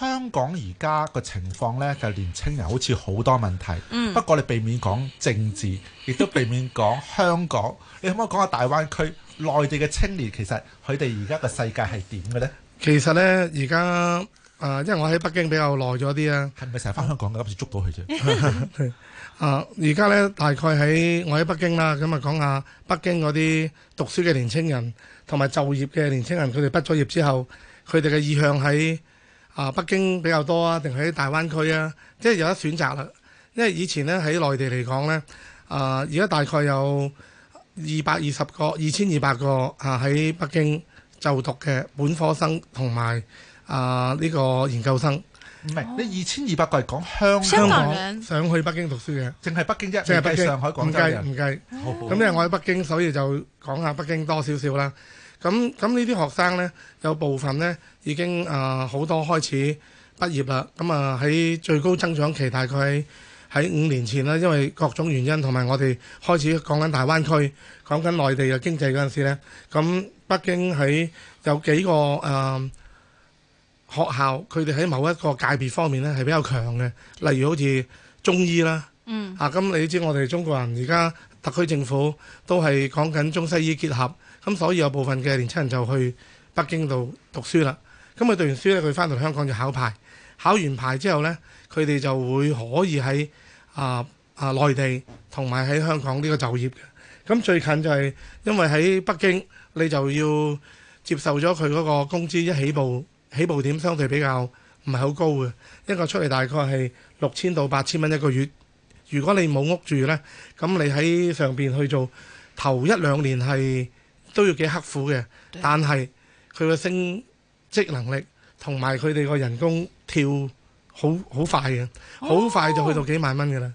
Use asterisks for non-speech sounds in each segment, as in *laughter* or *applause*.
香港而家個情況呢，就年青人好似好多問題，嗯。不過你避免講政治，亦都避免講香港， *laughs* 你可唔可以講下大灣區內地嘅青年其實佢哋而家個世界係點嘅呢？其實呢，而家誒，因為我喺北京比較耐咗啲啊。係咪成日返香港的？我今次捉到佢啫。啊、 *laughs* *laughs* 呃，而家呢，大概喺我喺北京啦，咁啊講下北京嗰啲讀書嘅年青人，同埋就業嘅年青人，佢哋畢咗業之後，佢哋嘅意向喺。啊，北京比較多啊，定喺大灣區啊，即係有得選擇啦。因為以前咧喺內地嚟講咧，啊、呃，而家大概有二百二十個、二千二百個啊喺北京就讀嘅本科生同埋啊呢個研究生。唔係，你二千二百個係講、哦、香港人想去北京讀書嘅，淨係北京啫，淨係北京上海、廣州人。唔計，唔計。咁因為我喺北京，所以就講下北京多少少啦。咁咁呢啲學生呢，有部分呢已經啊好、呃、多開始畢業啦。咁啊喺最高增長期，大概喺五年前啦，因為各種原因同埋我哋開始講緊大灣區、講緊內地嘅經濟嗰陣時呢。咁、嗯嗯啊、北京喺有幾個誒、呃、學校，佢哋喺某一個界別方面呢係比較強嘅，例如好似中醫啦、啊，嗯，啊咁、嗯、你知我哋中國人而家特區政府都係講緊中西醫結合。咁所以有部分嘅年青人就去北京度讀書啦。咁佢讀完書咧，佢翻到香港就考牌。考完牌之後呢，佢哋就會可以喺啊啊內地同埋喺香港呢個就業嘅。咁最近就係因為喺北京，你就要接受咗佢嗰個工資一起步起步點相對比較唔係好高嘅。一個出嚟大概係六千到八千蚊一個月。如果你冇屋住呢，咁你喺上邊去做頭一兩年係。都要幾刻苦嘅，但係佢個升職能力同埋佢哋個人工跳好好快嘅，好、oh. 快就去到幾萬蚊嘅啦。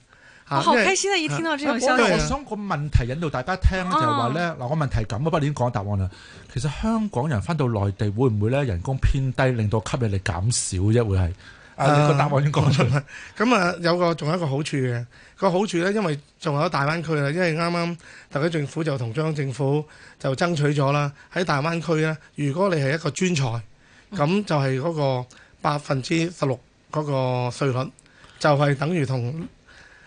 我好開心啊！一聽到呢個消息，因為我想個問題引導大家聽就係話咧嗱，個、oh. 問題咁啊，不嬲已經講答案啦。其實香港人翻到內地會唔會咧人工偏低，令到吸引力減少啫？會係。啊！個答案已經講盡啦。咁啊，有個仲有一個好處嘅個好處咧，因為仲有大灣區啦。因為啱啱特區政府就同中央政府就爭取咗啦，喺大灣區咧，如果你係一個專才，咁就係嗰個百分之十六嗰個稅率，就係等於同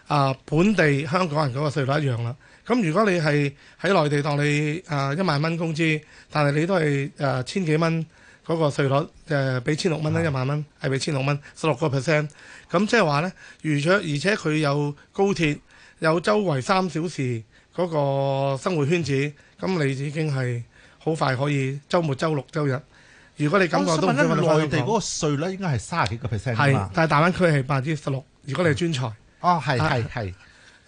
啊本地香港人嗰個稅率一樣啦。咁如果你係喺內地當你啊一萬蚊工資，但係你都係誒千幾蚊。嗰、那個稅率誒俾千六蚊啦，一萬蚊係俾千六蚊，十六個 percent。咁即係話咧，預咗而且佢有高鐵，有周圍三小時嗰個生活圈子，咁你已經係好快可以週末周六周日。如果你感覺到幾快。我想問咧，內地嗰個稅率應該係三十幾個 percent 啊係，但係大灣區係百分之十六。如果你係專才。嗯、哦，係係係。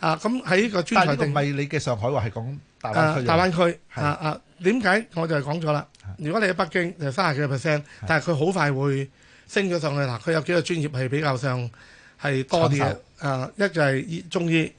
啊，咁喺呢個專才定位，你嘅上海話係講？啊，大灣區啊啊，點、啊、解我就係講咗啦？如果你喺北京就三十幾個 percent，但係佢好快會升咗上去。嗱、啊，佢有幾個專業係比較上係多啲嘅。啊，一就係中醫，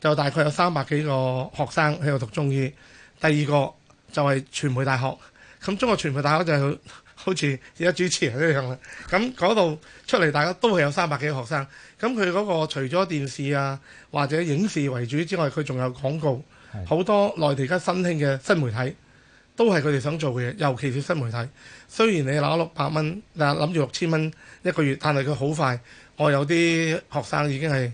就大概有三百幾個學生喺度讀中醫。第二個就係傳媒大學，咁中國傳媒大學就係好似而家主持人一樣啦。咁嗰度出嚟大家都係有三百幾個學生。咁佢嗰個除咗電視啊或者影視為主之外，佢仲有廣告。好多內地而家新興嘅新媒體，都係佢哋想做嘅嘢，尤其是新媒體。雖然你攞六百蚊，嗱諗住六千蚊一個月，但係佢好快。我有啲學生已經係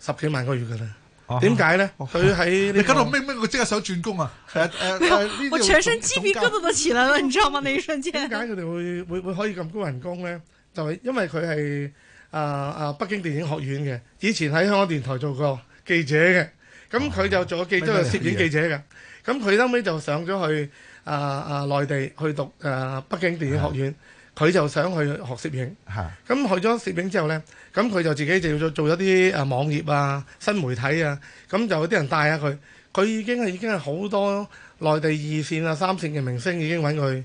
十幾萬個月㗎啦。點解咧？佢喺、啊這個、你搞到咩咩？佢即刻想轉工啊！係啊誒誒，我全身雞皮疙瘩都起嚟啦，你知道嗎？呢一瞬間點解佢哋會會會，會，會可以咁高人工咧？就係、是、因為佢係啊啊北京電影學院嘅，以前喺香港電台做過記者嘅。咁、嗯、佢、哦、就做個記者，攝影記者嘅。咁佢後尾就上咗去啊啊、呃、內地去讀誒、呃、北京電影學院。佢就想去學攝影。係。咁、嗯、去咗攝影之後呢，咁、嗯、佢就自己就做做咗啲誒網頁啊、新媒體啊。咁、嗯、就有啲人帶下佢。佢已經係已經係好多內地二線啊、三線嘅明星已經揾佢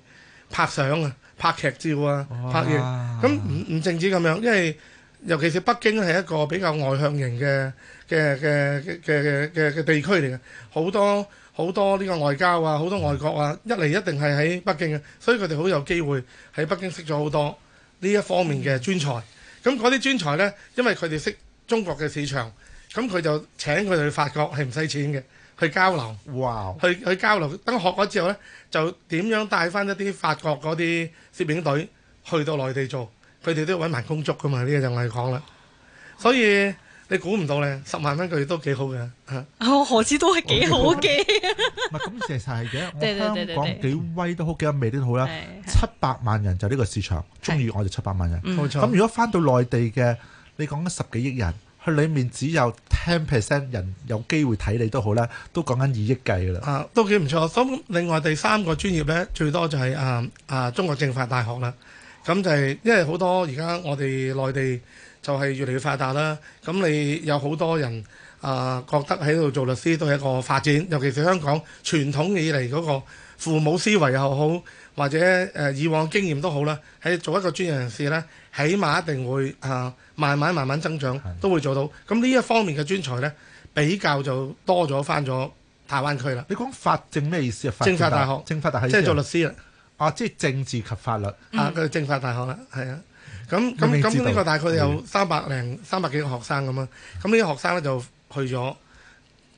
拍相啊、拍劇照啊、哦、啊拍嘢。咁唔唔淨止咁樣，因為。尤其是北京係一個比較外向型嘅嘅嘅嘅嘅嘅嘅地區嚟嘅，好多好多呢個外交啊，好多外國啊，一嚟一定係喺北京嘅，所以佢哋好有機會喺北京識咗好多呢一方面嘅專才。咁嗰啲專才呢，因為佢哋識中國嘅市場，咁佢就請佢哋去法國係唔使錢嘅，去交流，哇，wow！去去交流，等學咗之後呢，就點樣帶返一啲法國嗰啲攝影隊去到內地做？佢哋都揾埋工作噶嘛？呢個就唔係講啦。所以你估唔到咧，十萬蚊個月都幾好嘅。我、哦、何止都係幾好嘅？唔係咁，事實係嘅。我香港幾威都好，幾有味都好啦。七百萬人就呢個市場，中意我就七百萬人。冇錯。咁如果翻到內地嘅，你講緊十幾億人，佢裏面只有 ten percent 人有機會睇你都好啦，都講緊二億計噶啦。啊，都幾唔錯。咁另外第三個專業咧，最多就係、是、啊啊中國政法大學啦。咁就係、是，因為好多而家我哋內地就係越嚟越發達啦。咁你有好多人啊、呃、覺得喺度做律師都係一個發展，尤其是香港傳統以嚟嗰個父母思維又好，或者、呃、以往經驗都好啦，喺做一個專業人士呢，起碼一定會啊慢慢慢慢增長，都會做到。咁呢一方面嘅專才呢，比較就多咗返咗大灣區啦。你講法政咩意思啊？政法大學政法大學即係做律師啊？啊，即係政治及法律、嗯、啊，佢政法大學啦，係啊，咁咁咁呢個大概有三百零三百幾個學生咁啊，咁呢啲學生咧就去咗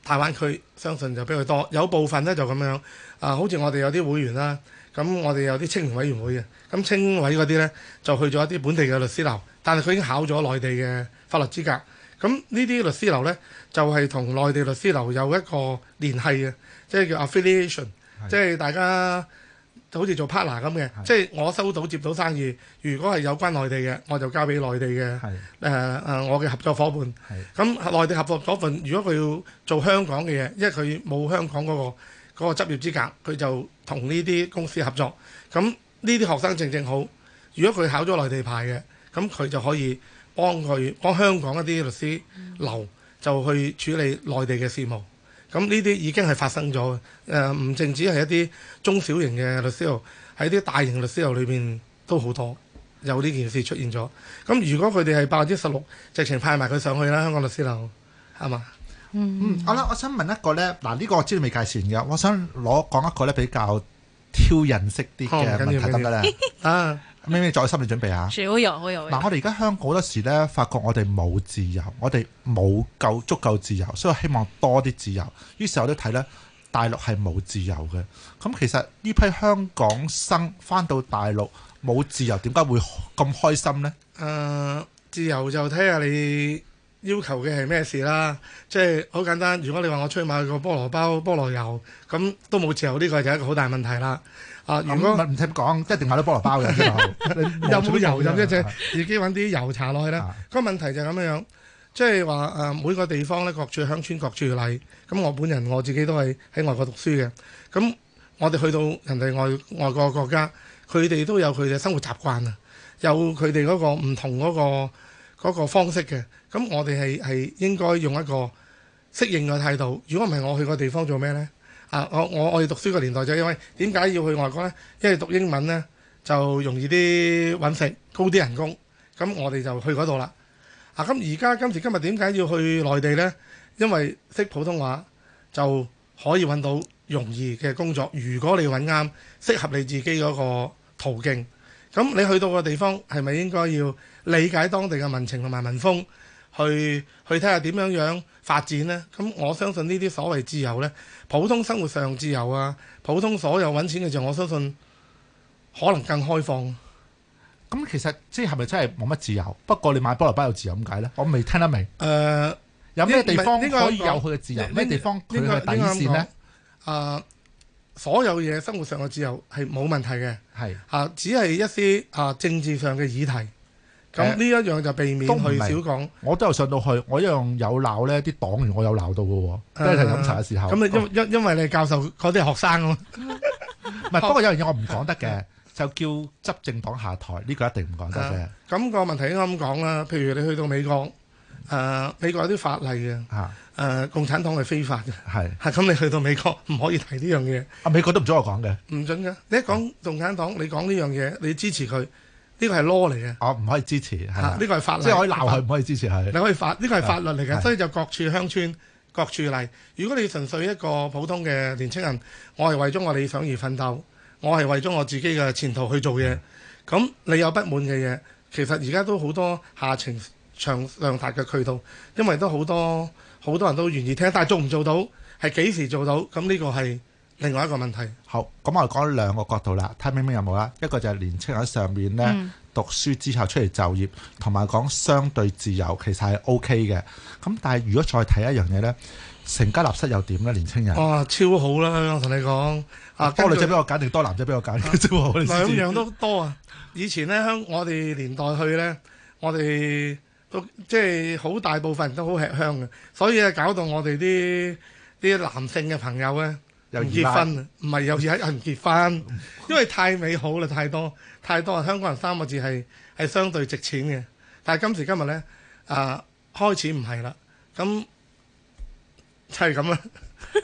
大灣區，相信就比較多，有部分咧就咁樣啊，好似我哋有啲會員啦，咁我哋有啲青年委員會嘅，咁青委嗰啲咧就去咗一啲本地嘅律師樓，但係佢已經考咗內地嘅法律資格，咁呢啲律師樓咧就係、是、同內地律師樓有一個聯繫嘅，即係叫 affiliation，即係大家。就好似做 partner 咁嘅，即係我收到接到生意，如果係有關內地嘅，我就交俾內地嘅、呃、我嘅合作夥伴。咁內地合作嗰份，如果佢要做香港嘅嘢，因為佢冇香港嗰個嗰個執業資格，佢就同呢啲公司合作。咁呢啲學生正正好，如果佢考咗內地牌嘅，咁佢就可以幫佢幫香港一啲律師樓，就去處理內地嘅事務。咁呢啲已經係發生咗嘅，唔淨止係一啲中小型嘅律師樓，喺啲大型律師樓裏邊都好多有呢件事出現咗。咁如果佢哋係百分之十六，直情派埋佢上去啦，香港律師樓係嘛？嗯，好、嗯、啦，我想問一個呢。嗱、這、呢個我知道未介紹嘅，我想攞講一個呢，比較挑人識啲嘅問題得㗎啦。哦 *laughs* 咩咩，再心理準備啊？少有，少有。嗱，我哋而家香港好多時咧，發覺我哋冇自由，我哋冇夠足夠自由，所以我希望多啲自由。於是我都睇咧，大陸係冇自由嘅。咁其實呢批香港生翻到大陸冇自由，點解會咁開心呢？誒、呃，自由就睇下你要求嘅係咩事啦。即係好簡單，如果你話我出去買個菠蘿包、菠蘿油，咁都冇自由，呢、這個就係一個好大問題啦。啊！如果唔唔識講，一定買到菠蘿包嘅， *laughs* 然後 *laughs* 有冇油飲啫？ *laughs* 自己揾啲油茶落去啦。個 *laughs* 問題就係咁樣，即係話誒，每個地方咧，各處鄉村，各處禮。咁我本人我自己都係喺外國讀書嘅。咁我哋去到人哋外外國國家，佢哋都有佢嘅生活習慣啊，有佢哋嗰個唔同嗰、嗰個嗰、嗰個、方式嘅。咁我哋係係應該用一個適應嘅態度。如果唔係，我去個地方做咩咧？啊！我我我哋讀書個年代就因為點解要去外國呢？因為讀英文呢，就容易啲揾食，高啲人工。咁我哋就去嗰度啦。啊！咁而家今時今日點解要去內地呢？因為識普通話就可以揾到容易嘅工作。如果你揾啱，適合你自己嗰個途徑，咁你去到個地方係咪應該要理解當地嘅民情同埋民風？去去睇下點樣樣發展呢？咁我相信呢啲所謂自由呢，普通生活上自由啊，普通所有揾錢嘅時候，我相信可能更開放，啊。咁、嗯、其實即係咪真係冇乜自由？不過你買菠蘿包有自由，點解呢？我未聽得明。誒、呃，有咩地方應該有佢嘅自由？咩、呃這個這個這個、地方佢係底線呢？誒、呃，所有嘢生活上嘅自由係冇問題嘅。係啊、呃，只係一啲啊、呃、政治上嘅議題。咁呢一樣就避免都去少講。我都有上到去，我一樣有鬧呢啲黨員我有鬧到㗎喎。一係飲茶嘅時候。咁你因因因為你教授嗰啲學生咯。唔 *laughs* 係，不過有樣嘢我唔講得嘅，就叫執政黨下台，呢個一定唔講得嘅。咁、嗯那個問題應該咁講啦，譬如你去到美國，誒、呃、美國有啲法例嘅，誒、呃、共產黨係非法嘅，係。係、嗯、咁，你去到美國唔可以提呢樣嘢。啊，美國都唔準我講嘅。唔準嘅，你一講共產黨，你講呢樣嘢，你支持佢。呢個係囉嚟嘅，我唔可以支持。嚇、啊，呢個係法律，可以鬧佢，唔可以支持、啊、你可以法，呢個係法律嚟嘅、啊啊，所以就各處鄉村各處例。如果你純粹一個普通嘅年青人，我係為咗我理想而奮鬥，我係為咗我自己嘅前途去做嘢。咁、嗯、你有不滿嘅嘢，其實而家都好多下情上達嘅渠道，因為都好多好多人都願意聽，但係做唔做到，係幾時做到，咁呢個係。另外一個問題，好咁我哋講兩個角度啦，睇明唔明有冇啦？一個就係年青人喺上面咧讀書之後出嚟就業，同埋講相對自由，其實係 O K 嘅。咁但係如果再睇一樣嘢咧，成家立室又點咧？年青人哇，超好啦！我同你講，多女仔俾我揀定多男仔俾我揀超好，兩樣都多啊！以前咧香，我哋年代去咧，我哋都即係好大部分都好吃香嘅，所以啊搞到我哋啲啲男性嘅朋友咧。又結婚唔係又而家又唔結婚，因為太美好啦，太多太多啊！香港人三個字係，係相對值錢嘅，但係今時今日呢，啊、呃，開始唔係啦，咁就係咁啦。就是 *laughs*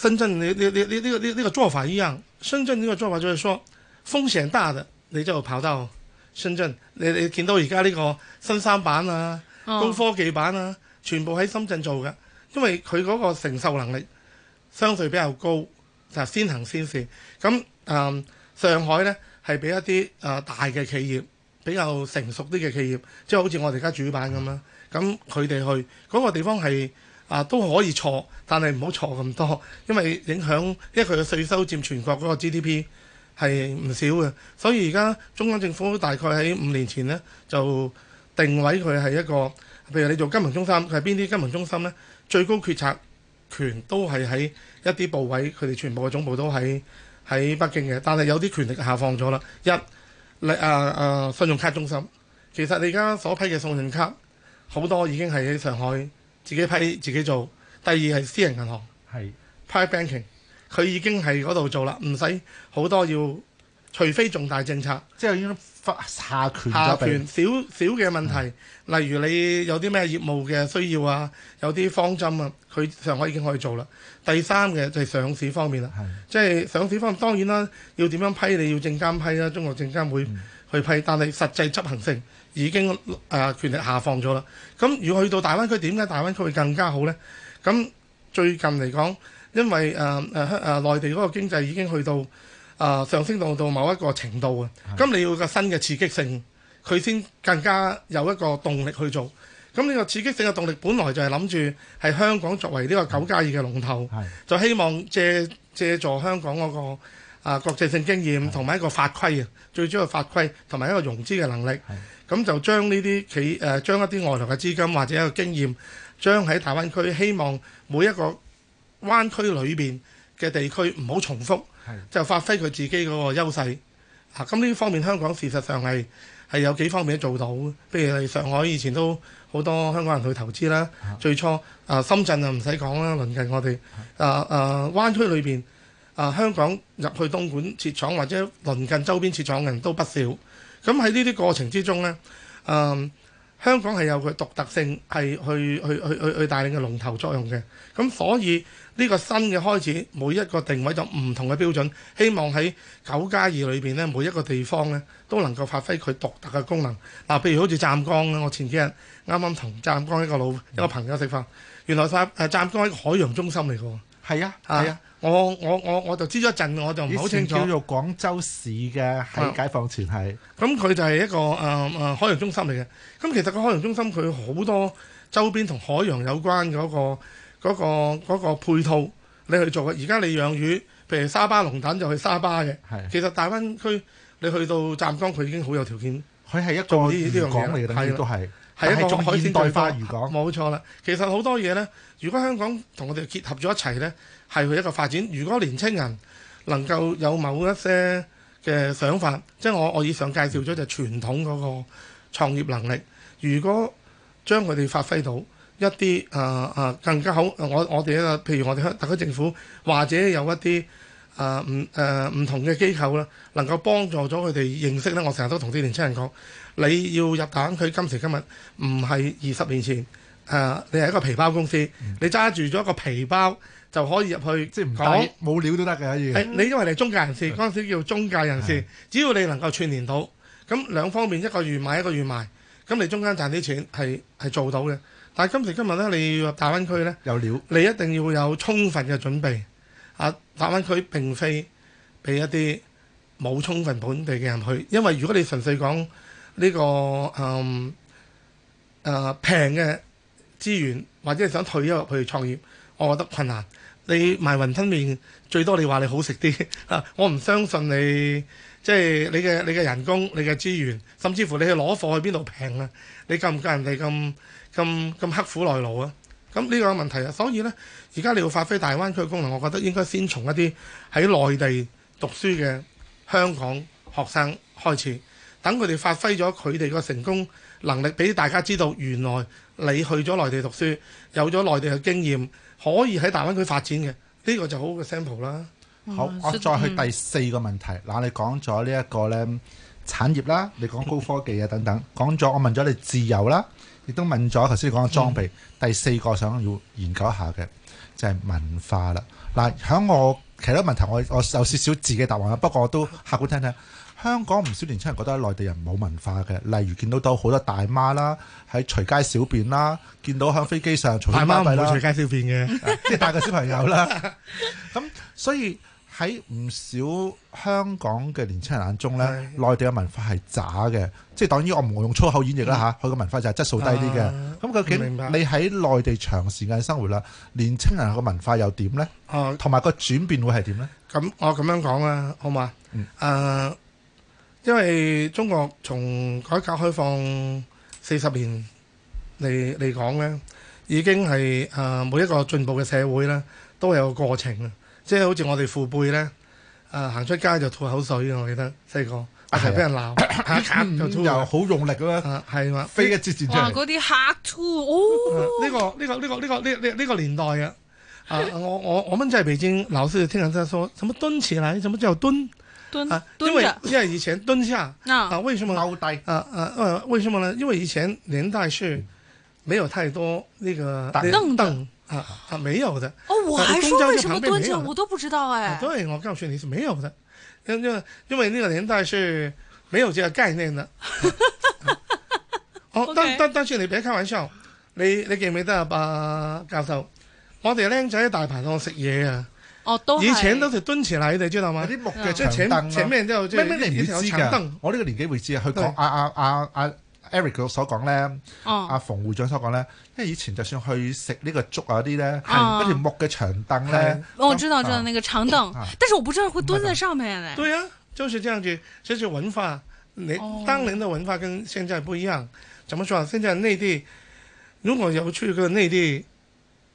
深圳你你你你呢、呢個呢、呢個做法一樣，深圳呢個做法就是說風險大的你就跑到深圳，你你見到而家呢個新三板啊、高科技板啊，全部喺深圳做嘅，因為佢嗰個承受能力相對比較高，就是、先行先試。咁誒、嗯、上海呢係俾一啲誒、呃、大嘅企業、比較成熟啲嘅企業，即係好似我哋而家主板咁樣，咁佢哋去嗰、嗰個地方係。啊都可以錯，但係唔好錯咁多，因為影響，因為佢嘅稅收佔全國嗰個 GDP 係唔少嘅，所以而家中央政府大概喺五年前呢，就定位佢係一個，譬如你做金融中心，佢係邊啲金融中心呢？最高決策權都係喺一啲部位，佢哋全部嘅總部都喺喺北京嘅，但係有啲權力下放咗啦。一嚟啊，啊信用卡中心，其實你而家所批嘅信用卡好多已經係喺上海。自己批自己做。第二係私人銀行，係 private banking，佢已經喺嗰度做啦，唔使好多要，除非重大政策，即係已經下權下權，小小嘅問題，例如你有啲咩業務嘅需要啊，有啲方針啊，佢上海已經可以做啦。第三嘅就係上市方面啦，即係、就是、上市方面。當然啦，要點樣批，你要證監批啦，中國證監會去批，但係實際執行性。已經誒、呃、權力下放咗啦，咁如果去到大灣區，點解大灣區會更加好呢？咁最近嚟講，因為誒誒香誒內地嗰個經濟已經去到誒、呃、上升到到某一個程度啊，咁你要個新嘅刺激性，佢先更加有一個動力去做。咁呢個刺激性嘅動力，本來就係諗住係香港作為呢個九加二嘅龍頭，就希望借借助香港嗰、那個。啊，國際性經驗同埋一個法規啊，最主要法規同埋一個融資嘅能力。咁就將呢啲企誒、啊，將一啲外來嘅資金或者一個經驗，將喺大灣區，希望每一個灣區裏邊嘅地區唔好重複，就發揮佢自己嗰個優勢。啊，咁呢方面香港事實上係係有幾方面都做到，譬如係上海以前都好多香港人去投資啦。最初啊，深圳啊唔使講啦，鄰近我哋啊啊，灣區裏邊。啊！香港入去東莞設廠或者鄰近周邊設廠嘅人都不少，咁喺呢啲過程之中呢嗯，香港係有佢獨特性去，係去去去去去帶領嘅龍頭作用嘅。咁所以呢個新嘅開始，每一個定位咗唔同嘅標準，希望喺九加二裏面呢，呢每一個地方呢，都能夠發揮佢獨特嘅功能。嗱、啊，譬如好似湛江，我前幾日啱啱同湛江一個老、嗯、一個朋友食飯，原來湛江、啊、係一個海洋中心嚟嘅喎，係啊，係啊。我我我我就知咗一陣，我就唔係好清楚叫做廣州市嘅喺解放前係咁，佢、啊嗯、就係一個誒誒、呃、海洋中心嚟嘅。咁、嗯、其實個海洋中心佢好多周邊同海洋有關嗰、那個嗰、那個那個、配套你去做嘅。而家你養魚，譬如沙巴龍蛋就去沙巴嘅。係、啊、其實大灣區你去到湛江，佢已經好有條件。佢係一個漁港嚟嘅，都係係一個現代化漁港，冇錯啦。其實好多嘢咧，如果香港同我哋結合咗一齊咧。係佢一個發展。如果年青人能夠有某一些嘅想法，即係我我以上介紹咗就是傳統嗰個創業能力。如果將佢哋發揮到一啲啊啊更加好，我我哋一個譬如我哋特區政府，或者有一啲啊唔唔同嘅機構啦，能夠幫助咗佢哋認識呢，我成日都同啲年青人講，你要入黨，佢今時今日唔係二十年前。誒、uh，你係一個皮包公司，嗯、你揸住咗個皮包就可以入去即不，即係唔講冇料都得嘅可以，可以、哎。你因為你中介人士，嗰陣時叫中介人士，只要你能夠串連到，咁兩方面一個月買一個月賣，咁你中間賺啲錢係係做到嘅。但係今時今日咧，你要入大灣區咧，有料，你一定要有充分嘅準備。啊，大灣區並非俾一啲冇充分本地嘅人去，因為如果你純粹講呢、這個誒誒平嘅。嗯啊資源或者係想退休去創業，我覺得困難。你賣雲吞麵最多，你話你好食啲啊？ *laughs* 我唔相信你，即係你嘅你嘅人工、你嘅資源，甚至乎你去攞貨去邊度平啊？你夠唔夠人哋咁咁咁刻苦耐勞啊？咁呢個問題啊，所以呢，而家你要發揮大灣區嘅功能，我覺得應該先從一啲喺內地讀書嘅香港學生開始，等佢哋發揮咗佢哋個成功能力，俾大家知道原來。你去咗內地讀書，有咗內地嘅經驗，可以喺大灣區發展嘅，呢、呢個就好好嘅 sample 啦。嗯、好，我再去第四個問題。嗱、嗯，你講咗呢一個呢產業啦，你講高科技啊等等，講咗我問咗你自由啦，亦都問咗頭先講嘅裝備。嗯、第四個想要研究一下嘅就係、係、文化啦。嗱、嗯，響我其他問題，我我有少少自己答案啦，不過我都客觀聽聽。香港唔少年青人覺得內地人冇文化嘅，例如見到多好多大媽啦，喺隨街小便啦，見到喺飛機上隨，叛叛叛媽媽隨街小便嘅，即 *laughs* 帶個小朋友啦。咁 *laughs* 所以喺唔少香港嘅年青人眼中呢，內地嘅文化係渣嘅，即當然我唔用粗口演繹啦嚇，佢、嗯、嘅文化就係質素低啲嘅。咁、啊、究竟你喺內地長時間嘅生活啦、啊，年青人嘅文化又點呢？同埋個轉變會係點呢？咁我咁樣講啊，好嘛？嗯。啊因為中國從改革開放四十年嚟嚟講咧，已經係誒、呃、每一個進步嘅社會咧，都有個過程啊！即係好似我哋父輩咧，誒、呃、行出街就吐口水嘅，我記得細個，成日俾人鬧、啊啊，又好用力咁樣，係、啊、嘛，飛嘅節節上。哇！嗰啲呢個呢、呢個呢、呢個呢、呢個呢呢呢個年代啊！ *laughs* 啊我我我們在北京老是聽人哋說怎麼蹲起來怎麼之後蹲？蹲蹲啊，因為因為以前蹲下，啊，啊為什麼？啊啊啊，為什麼呢？因為以前年代是，沒有太多那個凳凳，啊啊，沒有的。哦，我還說、啊、為什麼蹲下，我都不知道哎、啊、對，我告訴你是沒有的，因因因為那個年代是沒有這個概念的。好、 *laughs* 啊啊 *laughs* 啊 okay，但但但是你別開玩笑，你你記唔記得吧，教授，我哋靚仔喺大排檔食嘢啊。哦、是以前都係蹲住嚟，你哋知道嗎？啲木嘅長凳。咩咩人唔知㗎？我呢個年紀會知的啊！去講阿阿阿阿 Eric 所講咧，阿馮會長所講咧，因為以前就算去食呢個粥啊啲咧，嗰、嗯、條木嘅長凳咧、嗯嗯。我知道，知道、嗯、那個長凳、嗯，但是我不知道會蹲在上面咧。對啊，就是這樣子，這、就是文化。哦、你當年的文化跟現在唔一樣。怎麼講？現在內地如果有去過內地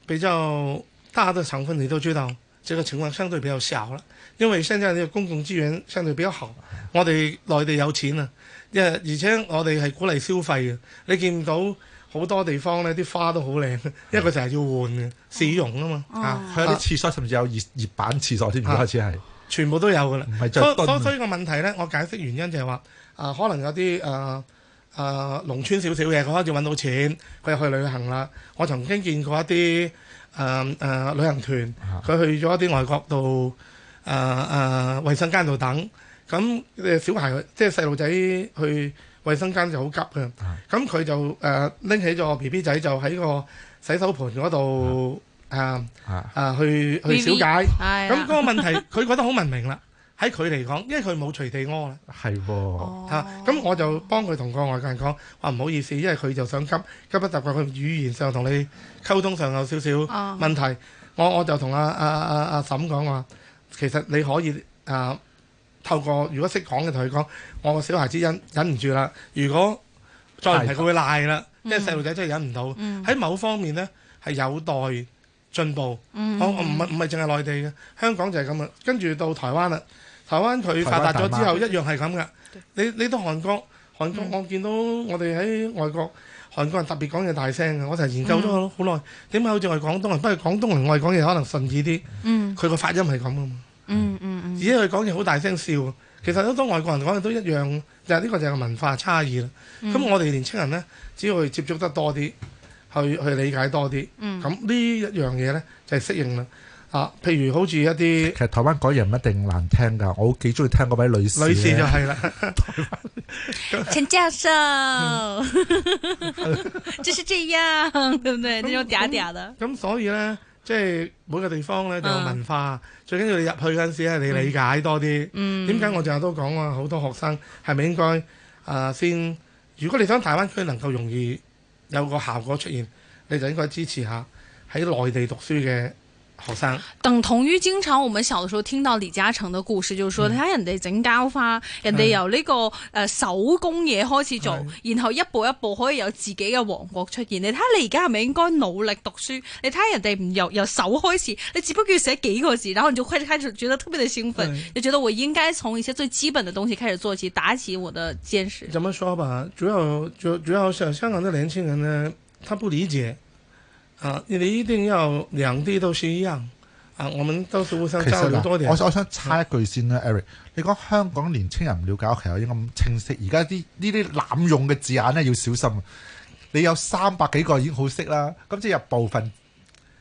比較大的省份，你都知道。這個情況相對比較少啦，因為呢陣呢個公共資源相對比較厚，我哋內地有錢啊，因為而且我哋係鼓勵消費嘅，你見到好多地方呢啲花都好靚，一佢成日要換嘅市容啊嘛，嚇，佢有啲廁所甚至有熱熱板廁所啲開始係，全部都有㗎啦、嗯。所以所以個問題呢，我解釋原因就係話，啊、呃、可能有啲誒誒農村少少嘢，佢開始揾到錢，佢又去旅行啦。我曾經見過一啲。誒、呃、誒、呃，旅行團佢去咗一啲外國度，誒、呃、誒，衛、呃、生間度等，咁小孩即係細路仔去衛生間就好急嘅，咁佢就誒拎、呃、起咗個 B B 仔就喺個洗手盤嗰度誒去去小解，咁嗰個問題佢覺得好文明啦。喺佢嚟講，因為佢冇隨地屙啦。係喎、喔，咁、啊、我就幫佢同個外國人講話，唔好意思，因為佢就想急急不及過佢語言上同你溝通上有少少問題。啊、我我就同阿阿阿阿嬸講話，其實你可以啊透過如果識講嘅同佢講，我個小孩子忍忍唔住啦。如果再唔係佢會賴啦，因為細路仔真係忍唔到。喺、嗯、某方面呢，係有待進步。嗯、我唔係唔係淨係內地嘅，香港就係咁啦。跟住到台灣啦。台灣佢發達咗之後一樣係咁噶。你你到韓國，韓國、嗯、我見到我哋喺外國，韓國人特別講嘢大聲噶。我就研究咗、嗯、好耐，點解好似我哋廣東人，不過廣東人愛講嘢可能順耳啲。佢個、嗯、發音係咁啊嘛。嗯嗯、而且佢講嘢好大聲笑。其實好多外國人講嘢都一樣，就係呢個就係文化差異啦。咁、嗯、我哋年青人呢，只要去接觸得多啲，去去理解多啲，咁呢一樣嘢呢，就係適應啦。啊，譬如好似一啲其實台灣人唔一定難聽噶，我幾中意聽嗰位女士。女士就係啦， *laughs* 台灣 *laughs* 陳教授，嗯、 *laughs* *laughs* 就是這樣，對唔對？嗰種嗲嗲嘅。咁 *laughs* 那 *laughs* 所以呢，即、就、係、是、每個地方咧就有文化，啊、最緊要你入去嗰陣時咧、嗯，你理解多啲。嗯。點解我成日都講話好多學生係咪應該啊、呃？先，如果你想大灣區能夠容易有個效果出現，你就應該支持下喺內地讀書嘅。學生等同於，經常我們小的時候聽到李嘉誠的故事，就是說你，睇下人哋整膠花，人哋由呢個誒、哎、手工嘢開始做、哎，然後一步一步可以有自己嘅王國出現。你睇下，你而家係咪應該努力讀書？哎、你睇下人哋唔由由手開始，你只不過要寫幾個字，然後你就開開始覺得特別的興奮、哎，就覺得我應該從一些最基本的東西開始做起，打起我的堅持。怎麼說吧，主要主主要，像香港的年輕人呢，他不理解。啊！你哋一定要兩地都係一樣啊！我們都是互相交流多啲。其實我想插一句先啦、啊、Eric，你講香港年輕人唔了解我其實應該咁清晰。而家啲呢啲濫用嘅字眼咧，要小心啊！你有三百幾個已經好識啦，咁即係有部分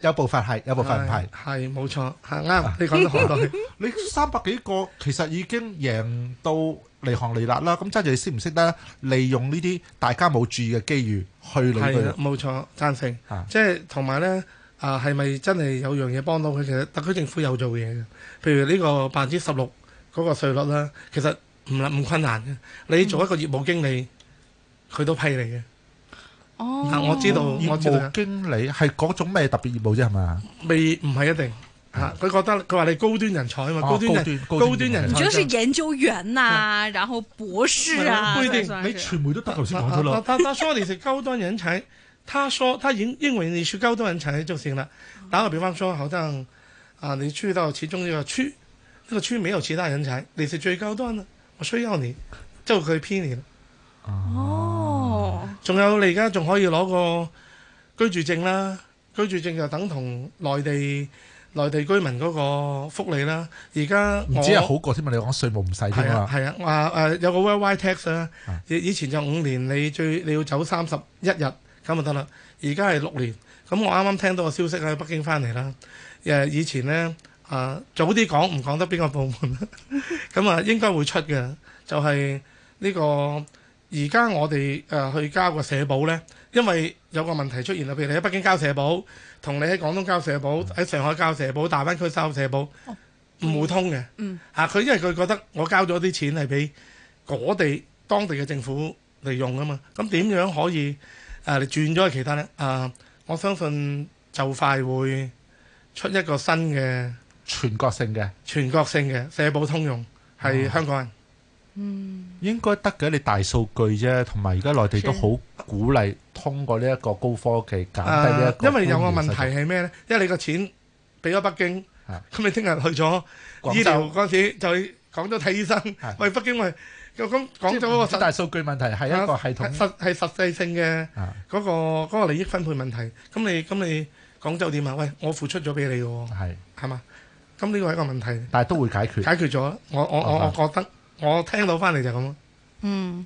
有部分係，有部分唔係。係冇、哎、錯，係啱、啊。你講得好多啲。 *laughs* 你三百幾個其實已經贏到。離行離立啦，咁即係你識唔識得利用呢啲大家冇注意嘅機遇去攞佢？冇錯，贊成。嚇，即係同埋咧，啊係咪真係有樣嘢幫到佢？其實特區政府有做嘢嘅，譬如呢個百分之十六嗰個稅率啦，其實唔唔困難嘅。你做一個業務經理，佢都批你嘅。哦，我知道業務經理係嗰種咩特別業務啫，係咪啊？未唔係一定。啊！佢覺得佢話你高端人才啊嘛，高端人高端人才，你覺得是研究員啊，然後博士啊，吧你傳媒都得頭先講咗咯。他他說你是高端人才，他說他認認為你是高端人才就行了。打個比方說，說好像啊，你去到其中一個區，呢、這個區沒有其他人才，你是最高端啦，我需要你就你、哦、你可以批你啦。哦，仲有你而家仲可以攞個居住證啦，居住證就等同內地。內地居民嗰個福利啦，而家唔止係好過添嘛，你講稅務唔使聽呀？係啊,啊，有個 zero tax 啦，以以前就五年，你最你要走三十一日咁就得啦。而家係六年，咁我啱啱聽到個消息喺北京翻嚟啦。誒以前呢，啊、早啲講唔講得邊個部門咁啊 *laughs* 應該會出嘅，就係、是、呢、這個而家我哋去交個社保呢。因為有個問題出現啦，譬如你喺北京交社保，同你喺廣東交社保，喺上海交社保，大灣區交社保，唔會通嘅。嗯，啊，佢因為佢覺得我交咗啲錢係俾我地當地嘅政府嚟用啊嘛，咁點樣可以啊你轉咗去其他呢？啊，我相信就快會出一個新嘅全國性嘅全國性嘅社保通用係香港人。嗯，應該得嘅，你大數據啫，同埋而家內地都好。鼓勵通過呢一個高科技減低呢一個、啊、因為有個問題係咩咧？因為你個錢俾咗北京，咁你聽日去咗醫療嗰陣時就去廣州睇醫生。喂，北京喂，咁講咗個實大數據問題係一個系統，啊、實係實際性嘅嗰、嗰個、嗰個利益分配問題。咁你咁你廣州點啊？喂，我付出咗俾你喎，係係嘛？咁呢個係一個問題，但係都會解決，解決咗。我我我、哦、我覺得我聽到翻嚟就係咁咯。嗯。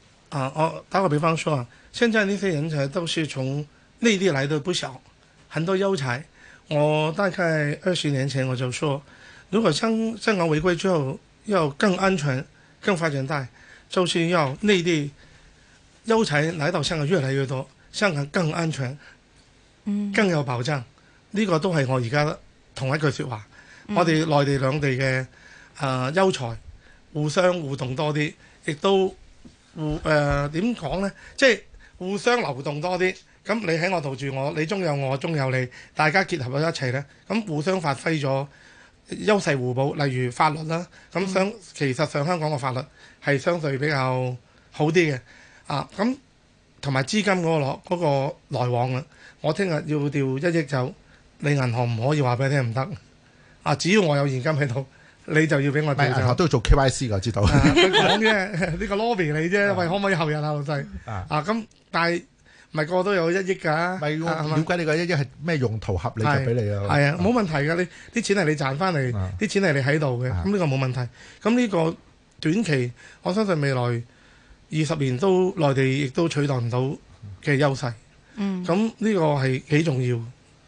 啊！我打個比方說啊，現在呢些人才都是從內地來的不少，很多優才。我大概二十年前我就說，如果香香港回歸之後要更安全、更發展大，就是要內地優才嚟到香港越來越多，香港更安全，更有保障。呢、嗯這個都係我而家同一句說話。嗯、我哋內地兩地嘅啊優才互相互動多啲，亦都。互誒點講呢？即係互相流動多啲。咁你喺我度住我，你中有我，我中有你，大家結合咗一齊呢，咁互相發揮咗優勢互補。例如法律啦，咁相、嗯、其實上香港嘅法律係相對比較好啲嘅。啊，咁同埋資金嗰、嗰個落、嗰個、來往，我聽日要調一億走，你銀行唔可以話俾你聽唔得。啊，只要我有現金喺度。你就要俾我，啊、我都要做 KYC 噶，知道。佢講啫，呢 *laughs* 個 lobby 你啫、啊，喂，可唔可以後日啊，老細？啊，咁但係唔係個個都有一億噶、啊？咪我了解你個一億係咩用途合理就俾你啊。係啊，冇、啊啊、問題噶，你啲錢係你賺翻嚟，啲、啊、錢係你喺度嘅，咁呢、啊、個冇問題。咁呢個短期，我相信未來二十年都內地亦都取代唔到嘅優勢。嗯，咁呢個係幾重要嘅。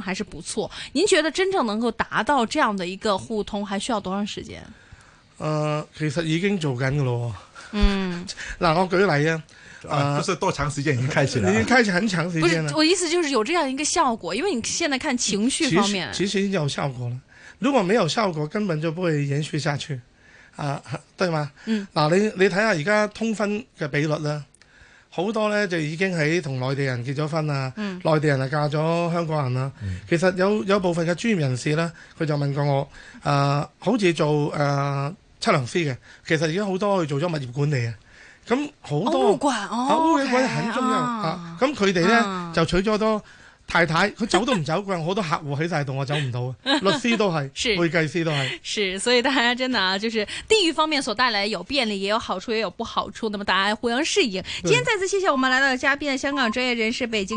還是不錯。您覺得真正能夠達到這樣的一個互通，還需要多長時間？呃，其實已經做緊噶咯。嗯，然後佢例啊，呃，不是多長時間已經開始？已 *laughs* 經開始很長時間了。不是，我意思就是有這樣一個效果，因為你現在看情緒方面，其實已經有效果了。如果沒有效果，根本就不會延續下去啊，對嗎？嗯。嗱，你你睇下而家通分嘅比率呢。好多咧就已經喺同內地人結咗婚啊、嗯，內地人啊嫁咗香港人啊、嗯。其實有有部分嘅專業人士咧，佢就問過我，誒、呃、好似做誒測量師嘅，其實而家好多去做咗物業管理、嗯、歐國歐國啊。咁好多好記啩，O 記啩，很中意啊。咁佢哋咧就取咗多。太太佢走都唔走，佢有好多客戶喺晒度，我走唔到啊！ *laughs* 律師都係，是會計師都係。是所以大家真的啊，就是地域方面所帶來的有便利，也有好處，也有不好處。那麼大家互相適應。今天再次謝謝我們來到嘉賓的香港專業人士，北京。